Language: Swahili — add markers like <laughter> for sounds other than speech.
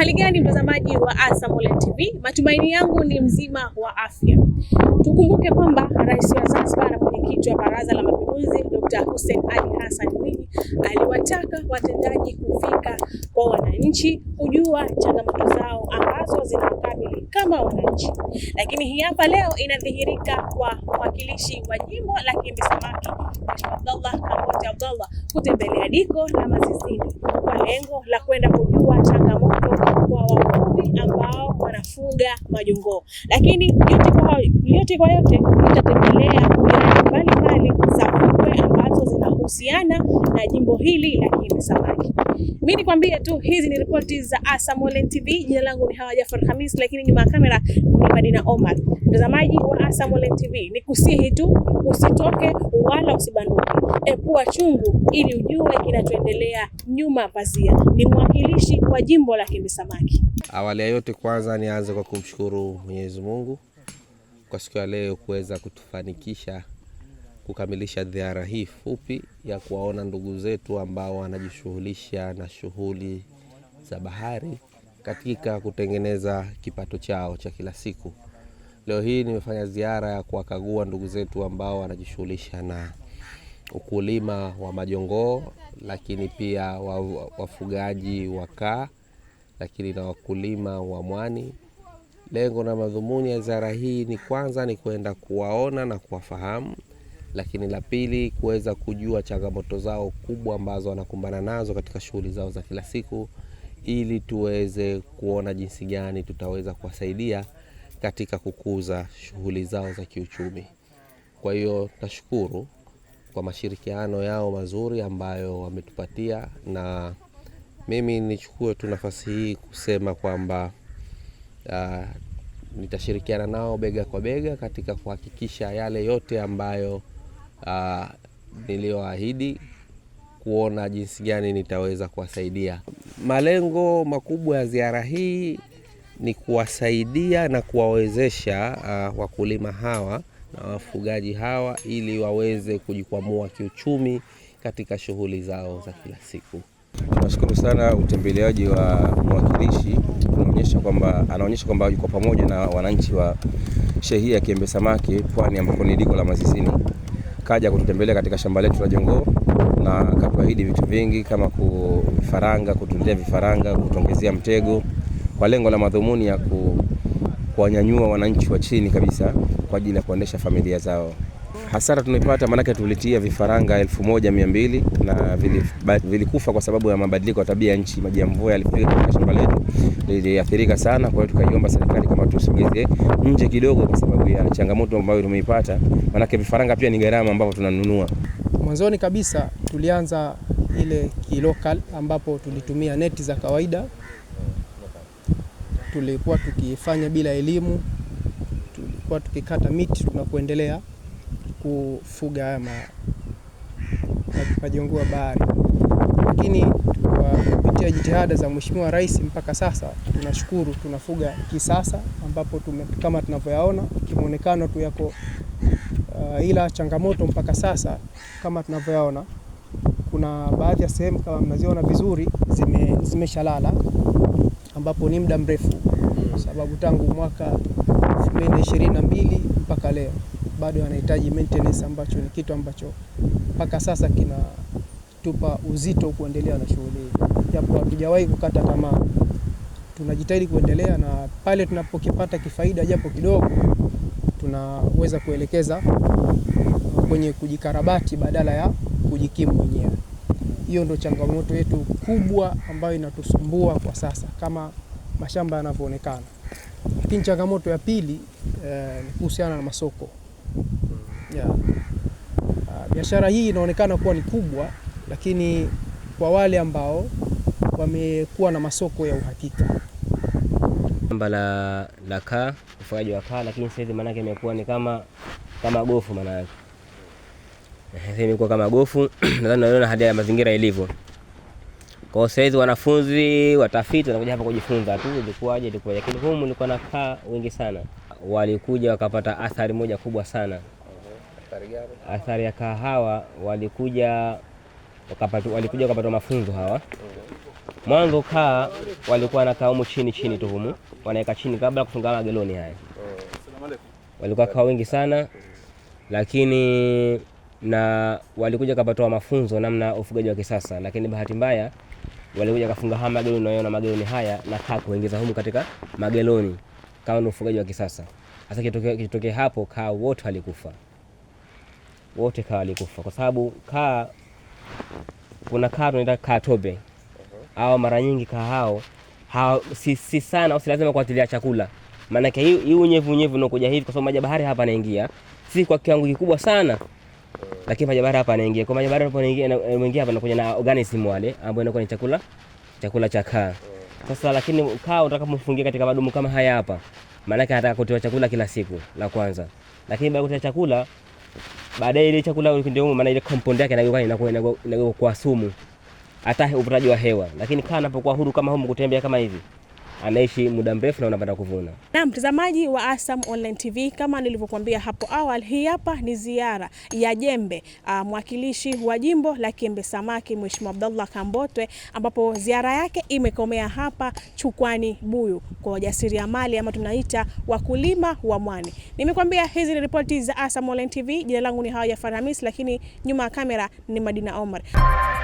Hali gani mtazamaji wa Asam Online TV, matumaini yangu ni mzima wa afya. Tukumbuke kwamba rais wa Zanzibar na mwenyekiti wa Baraza la Mapinduzi Dr. Hussein Ali Hassan Mwinyi aliwataka watendaji kufika kwa wananchi kujua changamoto zao ambazo zina kama wananchi. Lakini hii hapa leo inadhihirika kwa mwakilishi wa jimbo la Kembe Samaki Abdallah Kaboti Abdallah kutembelea diko la Mazizini kwa lengo la kwenda kujua changamoto kwa wavuvi ambao wanafuga majongoo. Lakini yote kwa yote, tutatembelea miradi mbalimbali za kuhusiana na jimbo hili la Kiembe Samaki. Mimi nikwambie tu hizi ni ripoti za Asam Online TV. Jina langu ni Hawajafar Hamis, lakini nyuma ya kamera ni Madina Omar. Mtazamaji wa Asam Online TV, nikusihi tu usitoke wala usibanduke. Epua chungu ili ujue kinachoendelea nyuma pazia. Ni mwakilishi wa jimbo la Kiembe Awali ya yote, kwanza nianze kwa kumshukuru Mwenyezi Mungu kwa siku ya leo kuweza kutufanikisha kukamilisha ziara hii fupi ya kuwaona ndugu zetu ambao wanajishughulisha na shughuli za bahari katika kutengeneza kipato chao cha kila siku. Leo hii nimefanya ziara ya kuwakagua ndugu zetu ambao wanajishughulisha na ukulima wa majongoo, lakini pia wafugaji wa kaa, lakini na wakulima wa mwani. Lengo na madhumuni ya ziara hii ni kwanza ni kwenda kuwaona na kuwafahamu lakini la pili kuweza kujua changamoto zao kubwa ambazo wanakumbana nazo katika shughuli zao za kila siku, ili tuweze kuona jinsi gani tutaweza kuwasaidia katika kukuza shughuli zao za kiuchumi. Kwa hiyo nashukuru kwa mashirikiano yao mazuri ambayo wametupatia, na mimi nichukue tu nafasi hii kusema kwamba uh, nitashirikiana nao bega kwa bega katika kuhakikisha yale yote ambayo uh, niliyoahidi kuona jinsi gani nitaweza kuwasaidia. Malengo makubwa ya ziara hii ni kuwasaidia na kuwawezesha uh, wakulima hawa na wafugaji hawa ili waweze kujikwamua kiuchumi katika shughuli zao za kila siku. Tunashukuru sana utembeleaji wa mwakilishi unaonyesha kwamba anaonyesha kwamba yuko pamoja na wananchi wa shehia ya Kiembe Samaki Pwani, ambako ni liko la Mazizini akaja kututembelea katika shamba letu la Jongoo na akatuahidi vitu vingi kama kufaranga, kutundia vifaranga, kutongezea mtego kwa lengo la madhumuni ya ku, kuwanyanyua wananchi wa chini kabisa kwa ajili ya kuendesha familia zao. Hasara tunaipata maanake tulitia vifaranga elfu moja mia mbili na vilikufa kwa sababu ya mabadiliko ya tabia ya nchi. Maji ya mvua yalipiga katika shamba letu, liliathirika sana. Kwa hiyo tukaiomba serikali kama tusogeze nje kidogo, kwa sababu ya changamoto ambayo tumeipata, maanake vifaranga pia ni gharama ambapo tunanunua. Mwanzoni kabisa tulianza ile kilokal, ambapo tulitumia neti za kawaida, tulikuwa tukifanya bila elimu, tulikuwa tukikata miti tunakuendelea kufuga ama majongoo bahari, lakini kwa kupitia jitihada za Mheshimiwa Rais mpaka sasa tunashukuru, tunafuga kisasa ambapo tume, kama tunavyoyaona kimonekano tu yako uh, ila changamoto mpaka sasa kama tunavyoyaona kuna baadhi ya sehemu kama mnaziona vizuri zimeshalala zime ambapo ni muda mrefu, sababu tangu mwaka 2022 mpaka leo bado yanahitaji maintenance, ambacho ni kitu ambacho mpaka sasa kinatupa uzito kuendelea na shughuli hii, japo hatujawahi kukata tamaa. Tunajitahidi kuendelea na pale tunapokipata kifaida japo kidogo, tunaweza kuelekeza kwenye kujikarabati badala ya kujikimu mwenyewe. Hiyo ndio changamoto yetu kubwa ambayo inatusumbua kwa sasa kama mashamba yanavyoonekana. Lakini changamoto ya pili eh, ni eh, kuhusiana na masoko yeah. Uh, biashara hii inaonekana kuwa ni kubwa, lakini kwa wale ambao wamekuwa na masoko ya uhakika namba la, la kaa ufugaji wa kaa, lakini sasa hivi maanake imekuwa ni kama kama gofu maanake sasa imekuwa kama gofu <clears throat> nadhani naona hali ya mazingira ilivyo. Kwa sasa hivi wanafunzi watafiti wanakuja hapa kujifunza tu ilikuwaje, ilikuwa lakini humu nilikuwa nakaa wengi sana, walikuja wakapata athari moja kubwa sana athari ya kahawa walikuja wakapata, walikuja wakapata mafunzo hawa. Mm-hmm. Mwanzo kaa walikuwa na kaumu chini chini tu humu wanaweka chini kabla kufunga mageloni haya, mm. walikuwa kaa wengi sana, lakini na walikuja kapatoa mafunzo namna ufugaji wa kisasa, lakini bahati mbaya walikuja kafunga haya mageloni, naona mageloni haya na kaa kuingiza humu katika mageloni kama ni ufugaji wa kisasa. Sasa kitokea hapo, kaa wote walikufa wote kaa walikufa, kwa sababu kaa kuna kaa tunaita kaa tobe au mara nyingi kaa hao hao si, si sana au si lazima kuatilia chakula, maanake hii unyevu unyevu unaokuja hivi, kwa sababu maji bahari hapa yanaingia si kwa kiwango kikubwa sana lakini maji bahari hapa yanaingia. Kwa maji bahari hapa yanapoingia eh, hapa yanakuja na organism wale ambao inakuwa ni chakula chakula cha kaa. Sasa lakini kaa utakapofungia katika madumu kama haya hapa, maana yake anataka kutoa chakula kila siku la kwanza, lakini baada ya kutoa chakula baadaye ile chakula ndio maana ile compound yake inageuka inakuwa kwa sumu, hata upataji wa hewa. Lakini kaa anapokuwa huru kama huko, kutembea kama hivi anaishi muda mrefu na unapata kuvuna. Na mtazamaji wa ASAM Online TV, kama nilivyokuambia hapo awali, hii hapa ni ziara ya jembe uh, mwakilishi wa jimbo la Kiembe Samaki Mheshimiwa Abdallah Kambotwe, ambapo ziara yake imekomea hapa Chukwani Buyu kwa wajasiriamali ama tunaita wakulima wa mwani. nimekuambia hizi ni ripoti za ASAM Online TV. Jina langu ni Hawa Jafar Hamis, lakini nyuma ya kamera ni Madina Omar.